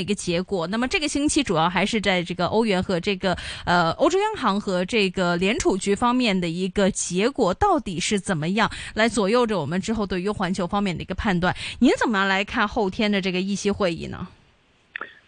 一個結果，那麼這個星期主要還是在這個歐元和這個呃歐洲央行和這個聯儲局方面的一個結果到底是怎麼樣，來左右着我們之後對於環球方面的一個判斷？您怎麼樣來看後天的這個議息會議呢？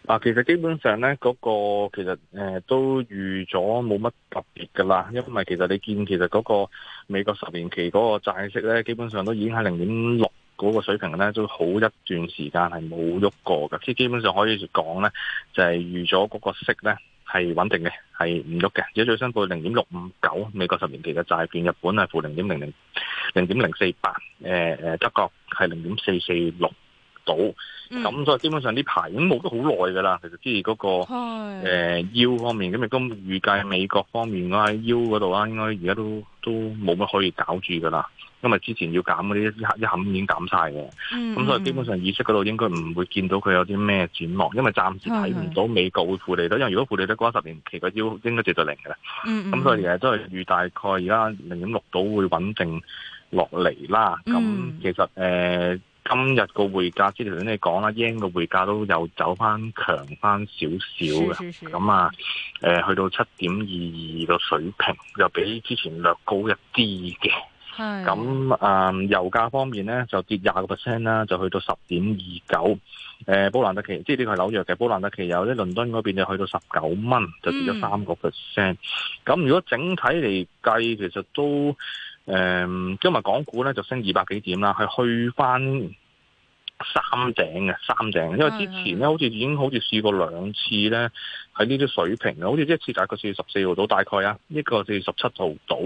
啊，其實基本上呢，嗰、那個其實誒、呃、都預咗冇乜特別噶啦，因為其實你見其實嗰個美國十年期嗰個債息呢，基本上都已經喺零點六。嗰個水平咧都好一段時間係冇喐過噶，基基本上可以講咧，就係預咗嗰個息咧係穩定嘅，係唔喐嘅。而家最新報零點六五九美國十年期嘅債券，日本係負零點零零零點零四八，誒誒，德國係零點四四六度。咁、嗯、所以基本上呢排已經冇咗好耐噶啦。其實之前嗰個誒 yield 是、呃、方面咁，亦都預計美國方面啊 yield 嗰度啊，應該而家都都冇乜可以搞住噶啦。因為之前要減嗰啲一啲一冚已經減晒嘅，咁、嗯嗯、所以基本上意識嗰度應該唔會見到佢有啲咩展望。因為暫時睇唔到美國會負利率，是是因為如果負利率過十年期，佢要應該跌到零嘅啦。咁、嗯嗯、所以其實都係預大概而家零點六度會穩定落嚟啦。咁、嗯嗯、其實誒、呃、今日個匯價之前你講啦，英嘅匯價都有走翻強翻少少嘅，咁啊、呃、去到七點二二個水平，又比之前略高一啲嘅。咁啊、呃，油價方面咧就跌廿個 percent 啦，就去到十點二九。誒、呃，波蘭德奇，即係呢個係紐約嘅波蘭德奇，有啲倫敦嗰邊就去到十九蚊，就跌咗三個 percent。咁、嗯、如果整體嚟計，其實都誒，今日、呃、港股咧就升二百幾點啦，係去返。三頂啊，三頂，因為之前咧好似已經好似試過兩次咧喺呢啲水平嘅，的好似一次大概四月十四號到，大概啊一個四月十七號到。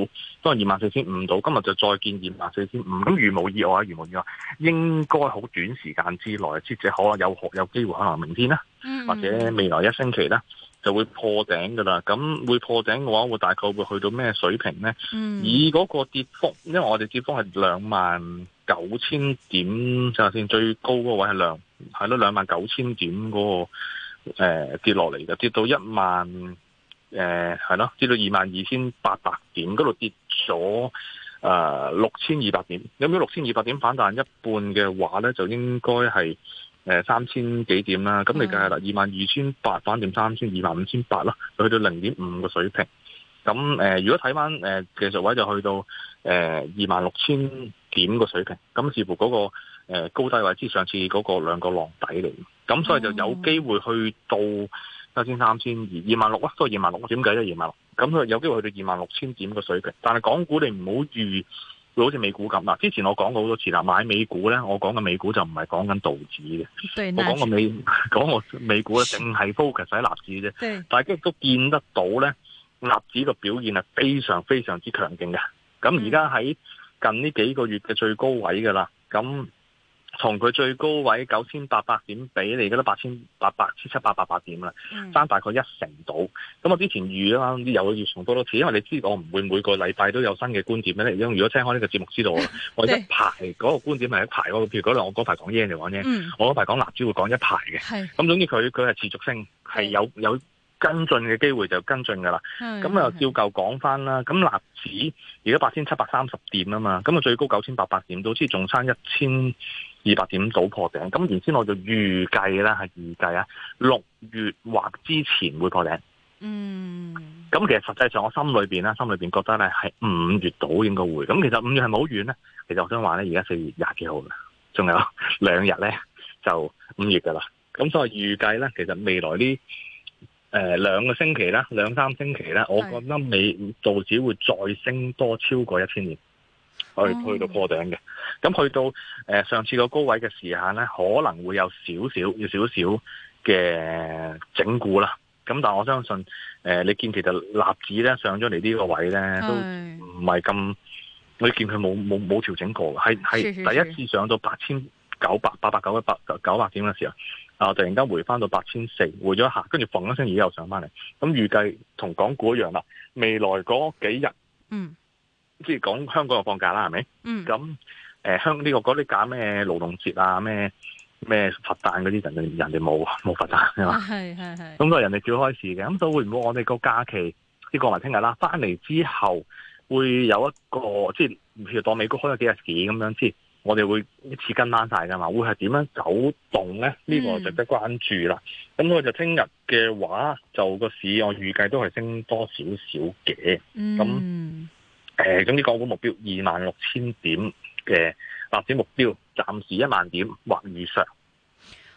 都係二萬四千五到。今日就再見二萬四千五。咁如無意外啊，如無意外應該好短時間之內，即少可能有學有機會可、啊、能明天啦，嗯、或者未來一星期啦就會破頂嘅啦。咁會破頂嘅話，會大概會去到咩水平咧？嗯、以嗰個跌幅，因為我哋跌幅係兩萬九千點，就先最高嗰、那個位係兩，係咯兩萬九千點嗰個跌落嚟嘅。跌到一萬誒係咯，跌到二萬二千八百點，嗰度跌咗誒六千二百點。咁如果六千二百點反彈一半嘅話咧，就應該係三千幾點啦。咁的你計下啦，二萬二千八反彈三千，二萬五千八咯，就去到零點五個水平。咁誒、呃，如果睇翻誒技術位就去到誒二萬六千。呃 26, 點個水平？咁似乎嗰個誒高低位之上次嗰個兩個浪底嚟。咁、oh, 所以就有機會去到三千三、千二、二萬六，都係二萬六點計啦，二萬六。咁佢有機會去到二萬六千點嘅水平。但係港股你唔好預，好似美股咁啦。之前我講過好多次啦，買美股咧，我講嘅美股就唔係講緊道指嘅。我講個美講個美股咧，淨係 focus 喺納指啫。但係亦都見得到咧，納指嘅表現係非常非常之強勁嘅。咁而家喺近呢幾個月嘅最高位㗎啦，咁同佢最高位九千八百點比，而家都八千八百千七百八點點啦，爭、嗯、大概一成度。咁我之前預啲有預重多多次，因為你知我唔會每個禮拜都有新嘅觀點咧。因為如果聽開呢個節目知道 我一排嗰個觀點係一排咯。譬如嗰兩我嗰排講嘢嚟玩嘢，嗯、我嗰排講納指會講一排嘅。咁是總之佢佢係持續性，係有有。是有有跟進嘅機會就跟進噶啦，咁啊、嗯、照舊講翻啦。咁納指而家八千七百三十點啊嘛，咁啊最高九千八百點，到之仲差一千二百點到破頂。咁原先我就預計啦，係預計啊六月或之前會破頂。嗯，咁其實實際上我心裏邊啦，心裏邊覺得咧係五月到應該會。咁其實五月係冇好遠咧？其實我想話咧，而家四月廿幾號啦，仲有兩日咧就五月噶啦。咁所以預計咧，其實未來呢？誒、呃，兩個星期啦，兩三星期咧，是我覺得美道指會再升多超過一千點，嗯、去推到破頂嘅。咁去到誒、呃、上次個高位嘅時限咧，可能會有少少，有少少嘅整固啦。咁但係我相信，誒、呃，你見其實納指咧上咗嚟呢個位咧，是都唔係咁，你見佢冇冇冇調整過，係係第一次上到八千九百八百九一百九百點嘅時候。啊！突然間回翻到八千四，回咗一下，一聲跟住晃一聲，而家又上翻嚟。咁預計同港股一樣啦。未來嗰幾日，嗯，即係講香港又放假啦，係咪？嗯。咁誒，香呢、呃這個嗰啲假咩勞動節啊，咩咩罰單嗰啲人人哋冇冇罰單係嘛？係係係。咁都係人哋照開市嘅。咁會唔會我哋個假期即過埋聽日啦？翻嚟之後會有一個即係，譬如當美國開咗幾日市咁樣先。我哋會一次跟晒噶嘛，會係點樣走動咧？呢、這個值得關注啦。咁我就聽日嘅話，就個市我預計都係升多少少嘅。咁、嗯，誒，總之港股目標二萬六千點嘅，納指目標暫時一萬點或以上。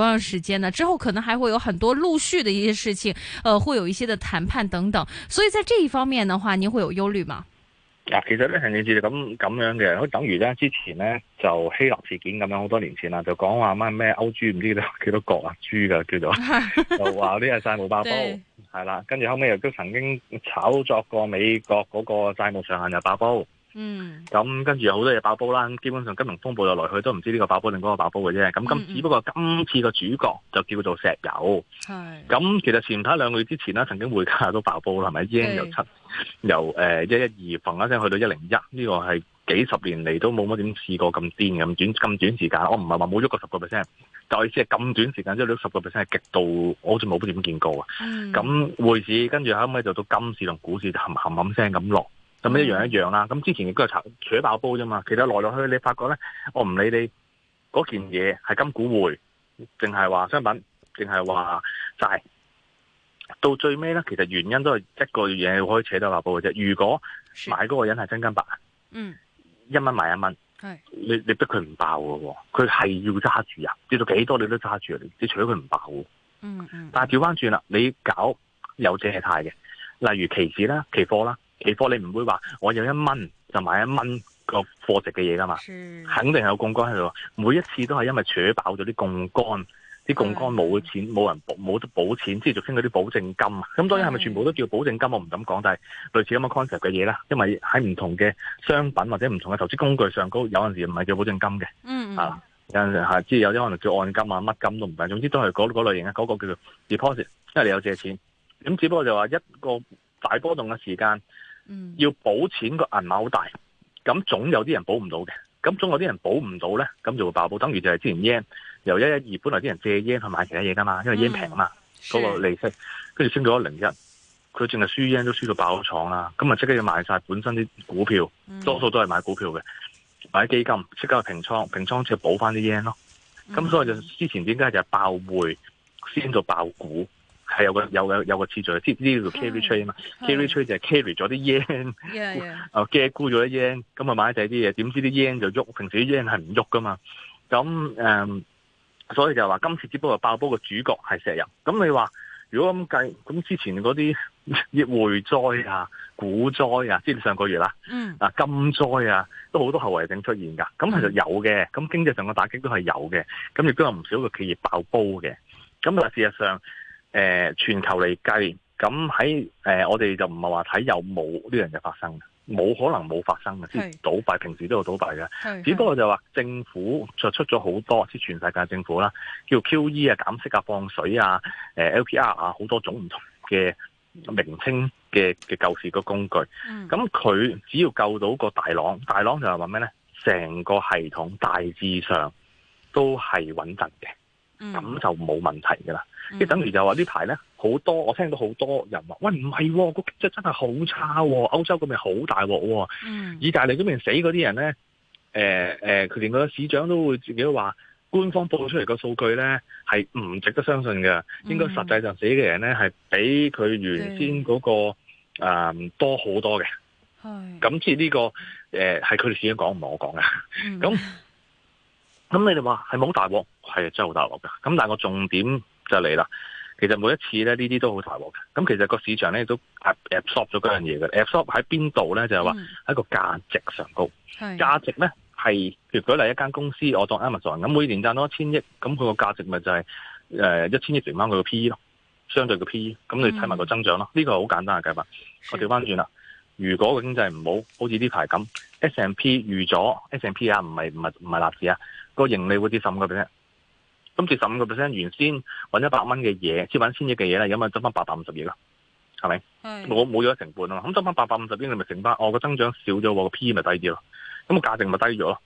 多少時間呢？之後可能還會有很多陸續的一些事情，呃，會有一些的談判等等。所以在這一方面的話，你會有憂慮嗎？啊，其實咧係類似咁咁樣嘅，等於咧之前咧就希臘事件咁樣，好多年前啦，就講話乜咩歐豬唔知道，多幾多國啊豬嘅、啊、叫做， 就話呢個債務爆煲係對啦，跟住後尾又都曾經炒作過美國嗰個債務上限又爆煲。嗯，咁跟住有好多嘢爆煲啦，基本上金融風暴又來去都唔知呢個爆煲定嗰個爆煲嘅啫。咁今只不過今次個主角就叫做石油。係是，咁其實前排兩個月之前啦，曾經匯價都爆煲啦，係咪？已升又七，由誒一一二，嘭一聲去到一零一，呢個係幾十年嚟都冇乜點試過咁癲咁短咁短時間。我唔係話冇喐過十個 percent，就意思係咁短時間即係喐十個 percent 係極度我好似冇乜點見過、嗯、啊。咁匯市跟住後尾就到金市同股市就冚冚聲咁落。咁一樣一樣啦，咁、嗯、之前亦都係扯扯爆煲啫嘛，其實來來去去，你發覺咧，我唔理你嗰件嘢係金股匯，定係話商品，定係話債，到最尾咧，其實原因都係一個嘢可以扯到爆煲嘅啫。如果買嗰個人係真金白，嗯，一蚊買一蚊，係你你逼佢唔爆喎。佢係要揸住呀，跌到幾多你都揸住，你你除咗佢唔爆，嗯，但係調翻轉啦，你搞有借貸嘅，例如期指啦、期貨啦。期貨你唔會話我有一蚊就買一蚊個貨值嘅嘢噶嘛？的肯定係有槓桿喺度，每一次都係因為儲爆咗啲槓桿，啲槓桿冇錢冇人冇得補錢，即係俗稱嗰啲保證金咁的當然係咪全部都叫保證金？我唔敢講，但係類似咁嘅 concept 嘅嘢啦。因為喺唔同嘅商品或者唔同嘅投資工具上高，有陣時唔係叫保證金嘅。嗯，嗯啊，有陣時係即係有啲可能叫按金啊，乜金都唔定。總之都係嗰嗰類型啊，嗰、嗰個叫做 deposit，因為你有借錢。咁只不過就話一個大波動嘅時間。嗯、要補錢個銀碼好大，咁總有啲人補唔到嘅，咁總有啲人補唔到咧，咁就會爆補，等於就係之前 yen，由一一二，本來啲人借 yen 去買其他嘢噶嘛，因為 yen 平嘛，嗰、嗯、個利息，跟住是升到一零一，佢淨係輸 yen 都輸到爆廠啦，咁啊即刻要賣晒本身啲股票，嗯、多數都係買股票嘅，買基金，即刻去平倉，平倉即係補翻啲 yen 咯，咁所以就之前點解就係爆匯先到爆股。係有個有個有個次序，呢呢條 carry trade 啊嘛，carry trade 就係 carry 咗啲 yen，geek 咗啲 yen，咁啊買曬啲嘢，點知啲 yen 就喐，平時啲 yen 係唔喐噶嘛？咁誒，um, 所以就話今次只不過爆煲嘅主角係石油。咁你話如果咁計，咁之前嗰啲匯災啊、股災啊，即係上個月啦、啊，嗱金、嗯啊、災啊，都好多後遺症出現噶。咁其實有嘅，咁經濟上嘅打擊都係有嘅。咁亦都有唔少嘅企業爆煲嘅。咁但係，事實上。誒、呃，全球嚟計，咁喺誒，我哋就唔係話睇有冇呢樣嘢發生，冇可能冇發生嘅，啲是倒閉平時都有倒閉嘅，只不過就話政府就出咗好多，即、就、係、是、全世界政府啦，叫 Q E 啊、減息啊、放水、呃、PR, 啊、誒 L P R 啊，好多種唔同嘅名稱嘅嘅救市嘅工具。咁佢、嗯、只要救到個大浪，大浪就話咩咧？成個系統大致上都係穩陣嘅。咁、嗯、就冇問題噶啦，即係、嗯、等於就話呢排咧好多，我聽到好多人話喂唔係個質真係好差，啊，歐洲嗰邊好大鑊，嗯、意大利嗰邊死嗰啲人咧，誒、呃、誒，佢、呃、連個市長都會自己都話，官方報出嚟個數據咧係唔值得相信嘅，嗯、應該實際上死嘅人咧係比佢原先嗰、那個誒的、呃、多好多嘅。咁即係呢個誒係佢哋市長講唔係我講嘅，咁咁、嗯、 你哋話係咪好大鑊？係真係好大鑊㗎，咁但係個重點就嚟啦。其實每一次咧，呢啲都好大鑊嘅。咁其實個市場咧都 absorb 咗嗰樣嘢嘅。absorb 喺邊度咧？就係話喺個價值上高。的價值咧係，譬如舉例一間公司，我當 Amazon 咁，每年賺多一千億，咁佢個價值咪就係誒一千億乘翻佢個 PE 咯，相對嘅 PE。咁你睇埋個增長咯，呢的個好簡單嘅計法。我調翻轉啦，如果個經濟唔好，好似呢排咁，S&P 預咗 S&P 啊，唔係唔係唔係納指啊，個盈利會跌深嗰邊咧？今次十五個 percent，原先揾一百蚊嘅嘢，先揾千億嘅嘢啦，咁啊，增翻八百五十億啦，係咪是？我冇咗成本啊，咁增翻八百五十億，你咪成返？我、哦、個增長少咗，個 P 咪低啲咯，咁個價值咪低咗咯。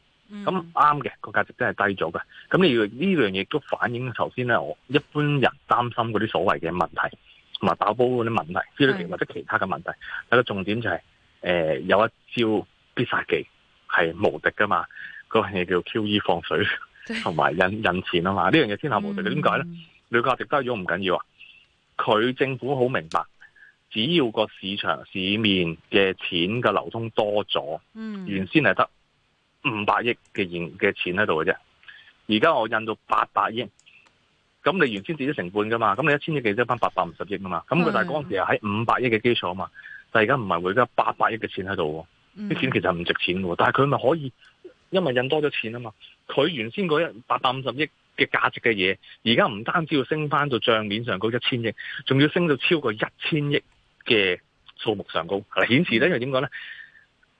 咁啱嘅個價值真係低咗嘅。咁呢呢樣嘢都反映頭先咧，我一般人擔心嗰啲所謂嘅問題同埋打煲嗰啲問題，或者是其他嘅問，是問題，但係重點就係、是、誒、呃、有一招必殺技係無敵噶嘛，嗰樣嘢叫 QE 放水。同埋印印錢啊嘛，呢樣嘢，天下無敵嘅。點解咧？你價值低咗唔緊要啊。佢政府好明白，只要個市場市面嘅錢嘅流通多咗，嗯，原先係得五百億嘅現嘅錢喺度嘅啫。而家我印到八百億，咁你原先跌咗成半噶嘛？咁你一千億嘅錢返八百五十億啊嘛？咁佢但係嗰陣時係喺五百億嘅基礎啊嘛，的但係而家唔係，而家八百億嘅錢喺度，啲錢其實唔值錢喎，但係佢咪可以。因為印多咗錢啊嘛，佢原先嗰一八百五十億嘅價值嘅嘢，而家唔單止要升翻到賬面上高一千億，仲要升到超過一千億嘅數目上高。顯示咧又點講咧？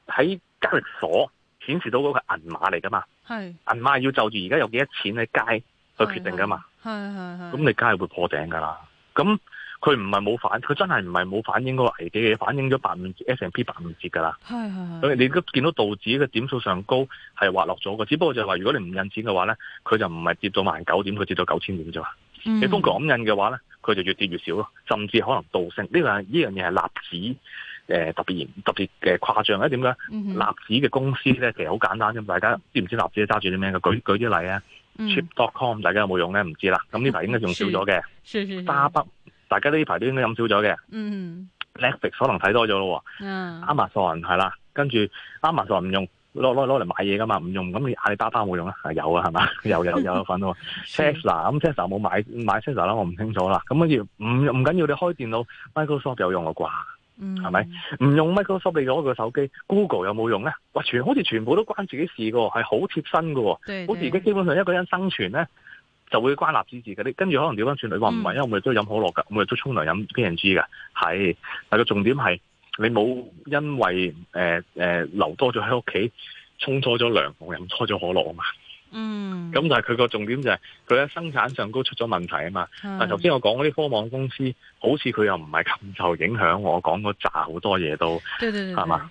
喺交易所顯示到嗰個銀碼嚟噶嘛，銀碼是要就住而家有幾多錢喺街去決定噶嘛，係係係，咁你梗係會破頂噶啦，咁。佢唔係冇反，佢真係唔係冇反映嗰個危機嘅，反映咗百五 S and P 百五折㗎啦。係係。你都見到道指嘅點數上高係滑落咗嘅，只不過就係話，如果你唔印錢嘅話咧，佢就唔係跌到萬九點，佢跌到九千點啫嘛。你瘋狂咁印嘅話咧，佢就越跌越少咯，甚至可能道升呢個係呢樣嘢係納指誒特別特別嘅誇張，一點解？納指嘅公司咧其實好簡單咁，大家知唔知納指揸住啲咩？舉舉啲例啊、嗯、，cheap dot com 大家有冇用咧？唔知啦。咁呢排應該仲少咗嘅。沙北大家都呢排都應該飲少咗嘅 Netflix 可能睇多咗咯喎，Amazon 係啦，跟住 Amazon 唔用，攞攞攞嚟買嘢噶嘛，唔用咁你阿里巴巴冇用啦，係有啊係嘛，有有有份喎，Tesla 咁 Tesla 冇買買 Tesla 啦，我唔清楚啦，咁跟住唔唔緊要你開電腦 Microsoft 有用嘅啩，係咪唔用 Microsoft 你攞個手機 Google 有冇用咧？喂，全好似全部都關自己事噶，係對好貼身噶，好似而家基本上一個人生存咧。就會關立支持嘅，你跟住可能調翻轉你話唔係，因為我每日都飲可樂噶，我每日都沖涼飲 P&G 噶，係但個重點係你冇因為誒誒、呃呃、留多咗喺屋企沖多咗涼同飲多咗可樂啊嘛，嗯，咁但係佢個重點就係佢喺生產上都出咗問題啊嘛，但係頭先我講嗰啲科網公司好似佢又唔係咁受影響，我講個炸好多嘢都，對,對對對，係嘛。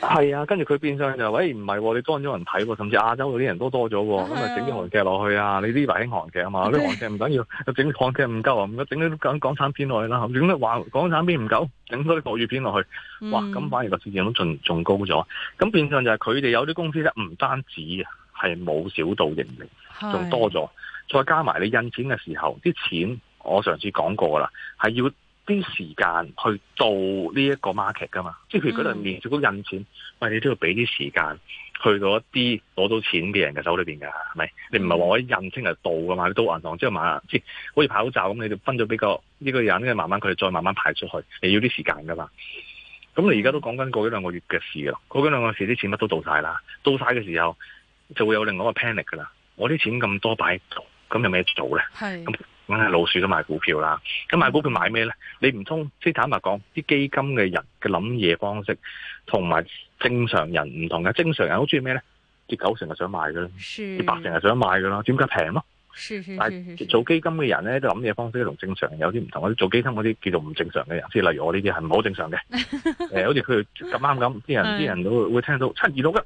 係啊，跟住佢變相就，喂，唔係喎，你多咗人睇喎、啊，甚至亞洲嗰啲人都多咗喎、啊，咁啊整啲韓劇落去啊，你呢排興韓劇啊嘛，啲韓 Okay. 劇唔緊要，整韓劇唔夠啊，唔該整啲港港產片落去啦，咁啊話港產片唔夠，整多啲國語片落去，嗯、哇咁反而個市盈都仲仲高咗，咁變相就係佢哋有啲公司咧，唔單止啊係冇少到盈利，仲多咗，是再加埋你印錢嘅時候，啲錢我上次講過啦，係要。啲時間去到呢一個 market 噶嘛，即係佢嗰度連續都印錢，嗯、喂，你都要俾啲時間去到一啲攞到錢嘅人嘅手裏面㗎，係咪？你唔係話我印錢就到㗎嘛？你到銀行之後買，即係好似派口罩咁，你就分咗俾個呢個人咧，呢個、慢慢佢哋再慢慢派出去，你要啲時間㗎嘛？咁你而家都講緊過一兩個月嘅事啦，過一、嗯、兩個月啲錢乜都到晒啦，到晒嘅時候就會有另外一個 panic 㗎啦。我啲錢咁多擺，咁有咩做咧？係。老鼠都買股票啦，咁買股票買咩咧？你唔通？即坦白講，啲基金嘅人嘅諗嘢方式同埋正常人唔同嘅。正常人好中意咩咧？跌九成係想買嘅，跌是八成係想買嘅咯。點解平咯？但係做基金嘅人咧，都諗嘢方式同正常人有啲唔同。啲做基金嗰啲叫做唔正常嘅人，即係例如我呢啲係唔好正常嘅。誒、 呃，好似佢咁啱咁，啲人啲是人都會聽到七二六一，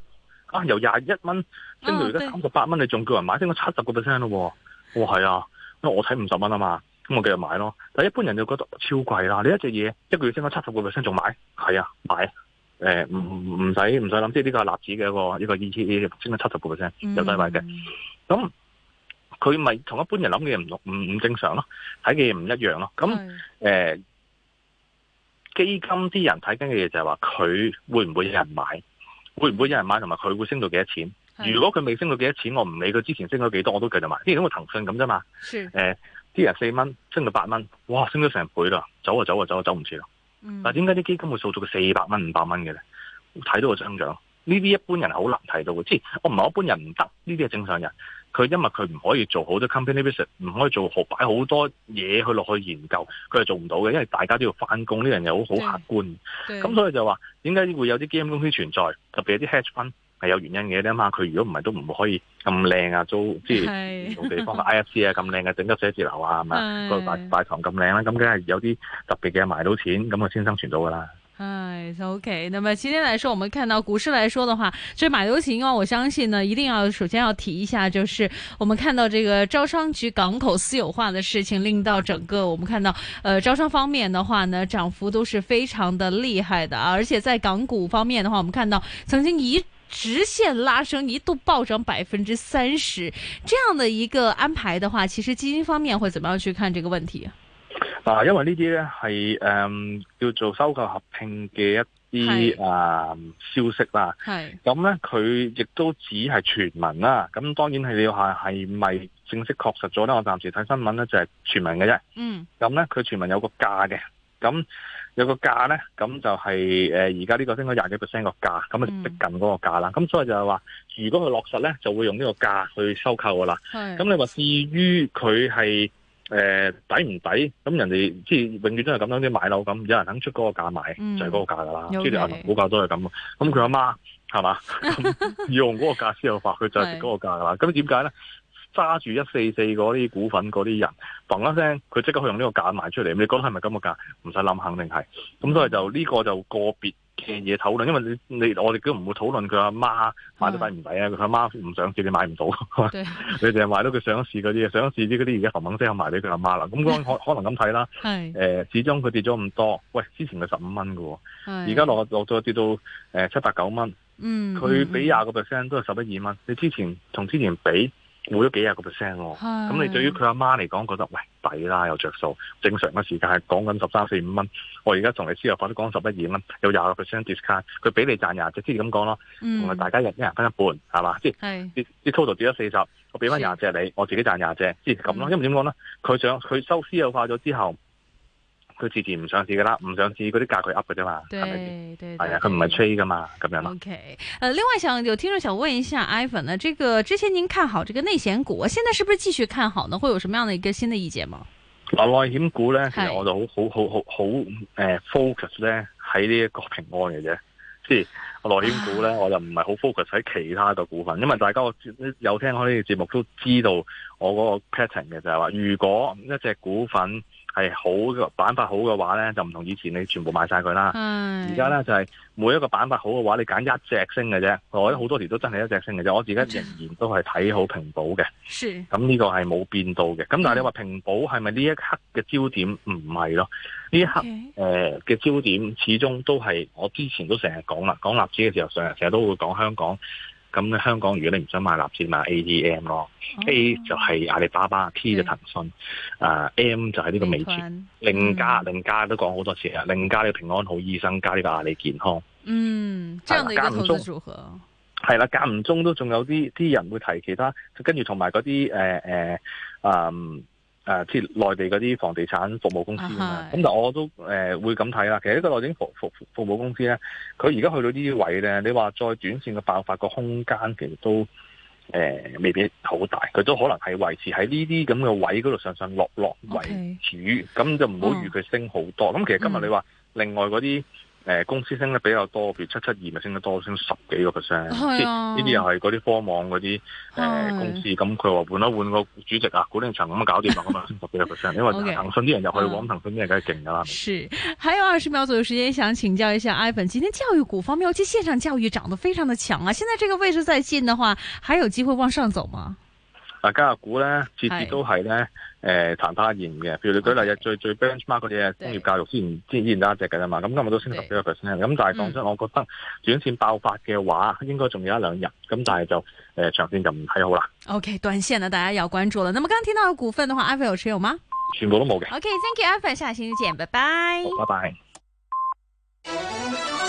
啊，由廿一蚊升到而家三十八蚊，oh, 對你仲叫人買，升到七十個 percent 咯？哇，係啊！因為我睇五十蚊啊嘛，咁我繼續買咯。但係一般人就覺得超貴啦。你一隻嘢一個月升咗七十個 percent 仲買？係啊，買啊。誒、呃，唔唔使唔使諗，即係呢個係納指嘅一個，呢、這個 e t 二，升咗七十個 percent 有低買嘅。咁佢咪同一般人諗嘅嘢唔唔唔正常咯。睇嘅嘢唔一樣咯。咁誒、mm hmm. 呃，基金啲人睇緊嘅嘢就係話，佢會唔會有人買？會唔會有人買？同埋佢會升到幾多錢？如果佢未升到幾多錢，我唔理佢之前升咗幾多，我都繼續買。之前咁個騰訊咁啫嘛，誒啲是、呃、人四蚊升到八蚊，哇，升咗成倍啦，走啊走啊走啊走唔切啦！嗯、但係點解啲基金會掃到四百蚊、五百蚊嘅咧？睇到個增長，呢啲一般人係好難睇到嘅。即係我唔係一般人唔得，呢啲係正常人。佢因為佢唔可以做好多 company research，唔可以做好擺好多嘢去落去研究，佢係做唔到嘅。因為大家都要翻工，呢樣嘢好好客觀。咁所以就話點解會有啲基金公司存在，特別有啲 hedge fund。係有原因嘅啫嘛，佢如果唔係都唔可以咁靚啊，租即係唔同地方嘅 I F C 啊咁靚嘅整個寫字樓啊，係嘛，個大大堂咁靚啦，咁梗係有啲特別嘅賣到錢，咁啊先生存到噶啦。係 OK，那麼今天來說，我們看到股市來說的話，最買到錢，我我相信呢，一定要首先要提一下，就是我們看到這個招商局港口私有化的事情，令到整個我們看到，呃，招商方面的話呢，漲幅都是非常的厲害的，而且在港股方面的話，我們看到曾經一。直線拉升一度暴漲百分之三十，這樣的一個安排的話，其實基金方面會怎麼樣去看這個問題？啊，因為呢啲呢係誒叫做收購合併嘅一啲啊是、呃、消息啦，係咁是呢，佢亦都只係傳聞啦，咁當然係你要係係咪正式確實咗呢？我暫時睇新聞呢，就係傳聞嘅啫，嗯，咁呢，佢傳聞有個價嘅。咁有個價咧，咁就係誒而家呢個升咗廿幾 percent 個價，咁啊逼近嗰個價啦。咁所以就係話，如果佢落實咧，就會用呢個價去收購噶啦。咁是你話至於佢係誒抵唔抵？咁人哋即係永遠都係咁樣啲買樓咁，有人肯出嗰個價買、嗯、就係嗰個價噶啦。主流銀行估價都係咁，咁佢阿媽係嘛？ 用嗰個價先有法，佢就係值嗰個價噶啦。咁點解咧？揸住一四四嗰啲股份嗰啲人，嘣一聲佢即刻去用呢個價賣出嚟，你覺得係咪咁嘅價？唔使諗，肯定係。咁所以就呢、這個就個別嘅嘢討論，因為你我是你我哋都唔會討論佢阿媽買得抵唔抵啊！佢阿媽唔想上市你買唔到，你淨係買到佢上市嗰啲嘢，上市啲嗰啲而家嘭嘭聲賣俾佢阿媽啦。咁可可能咁睇啦。係誒、呃，始終佢跌咗咁多，喂，之前係十五蚊嘅，而家落落咗跌到誒七八九蚊。佢比廿個 percent 都係十一二蚊。你之前同之前比。回咗幾廿個 percent 喎，咁的你對於佢阿媽嚟講，覺得喂抵啦，有着數。正常嘅時間係講緊十三四五蚊，我而家同你私有化都講十一二蚊，有廿個 percent discount，佢俾你賺廿隻，即係咁講咯，同埋大家一人分一半，係嘛？即係啲 total 跌咗四十，的我俾翻廿隻你，我自己賺廿隻，即係咁咯。的因為點講咧？佢想佢收私有化咗之後。佢次次唔上市噶啦，唔上市嗰啲價佢 up 噶啫嘛，係咪？對，係啊，佢唔係 trade 噶嘛，咁樣咯。O K，誒，另外想有聽眾想問一下，Ivan 呢？呢個之前您看好呢個內險股，現在是不是繼續看好呢？會有什麼樣的一個新嘅意見嗎？啊，內險股咧，其實我就好好好好好誒 focus 咧喺呢一個平安嘅啫，即係內險股咧，Olha 我就唔係好 focus 喺其他嘅股份，因為大家有聽我呢個節目都知道我嗰個 pattern 嘅，就係話如果一隻股份。係好嘅板塊好嘅話呢，就唔同以前你全部買晒佢啦。而家是呢，就係、是、每一個板塊好嘅話，你揀一隻升嘅啫。我覺得好多時都真係一隻升嘅啫。我自己仍然都係睇好平保嘅。是。咁呢個係冇變到嘅。咁但係你話平保係咪呢一刻嘅焦點？唔係咯。呢 Okay. 一刻誒嘅焦點始終都係我之前都成日講啦，講納指嘅時候，成日成日都會講香港。咁香港如果你唔想買立時買 ATM 咯、oh.，A 就係阿里巴巴，T 就騰訊，啊、uh, M 就係呢個美團，另加另加都講好多次啊，另加呢個平安好醫生，加呢個阿里健康。嗯，mm, 這樣的一個組合。係啦、啊，間唔中都仲有啲啲人會提其他，跟住同埋嗰啲誒誒啊。呃呃呃誒，即係內地嗰啲房地產服務公司，咁但、啊、是我都誒、呃、會咁睇啦。其實一個內地服服服，服務公司咧，佢而家去到這些位置呢啲位咧，你話再短線嘅爆發個空間，其實都誒、呃、未必好大。佢都可能係維持喺呢啲咁嘅位嗰度上上落落為主，咁 Okay. 就唔好預佢升好多。咁、哦、其實今日你話另外嗰啲。嗯誒、呃、公司升得比較多，譬如七七二咪升得多，升十幾個 percent。係呢啲又係嗰啲科網嗰啲誒公司，咁佢話換一換個主席啊，古靚場咁啊搞掂啦，咁啊 升十幾個 percent。因為騰訊啲人入去，網 騰訊啲人梗係勁㗎啦。是，還有二十秒左右時間，想請教一下 Ivan，今天教育股方面，尤其線上教育漲得非常的強啊！現在這個位置再進的話，還有機會往上走嗎？嗱，加入股咧，次次都係咧，誒是，曇花一現嘅。譬如你舉例日是最最 benchmark 嗰啲啊，工業教育先先依然得一隻嘅啫嘛。咁今日都升十幾個 percent，咁但係講真，我覺得短線爆發嘅話，應該仲有一兩日。咁、嗯、但係就，誒、呃，長、okay, 線就唔睇好啦。OK，短線啊，大家要關注啦。咁啊，剛剛聽到嘅股份嘅話，Ivan 有持有嗎？全部都冇嘅。OK，thank、okay, you，i Ivan，下個星期見，拜拜。好，拜拜。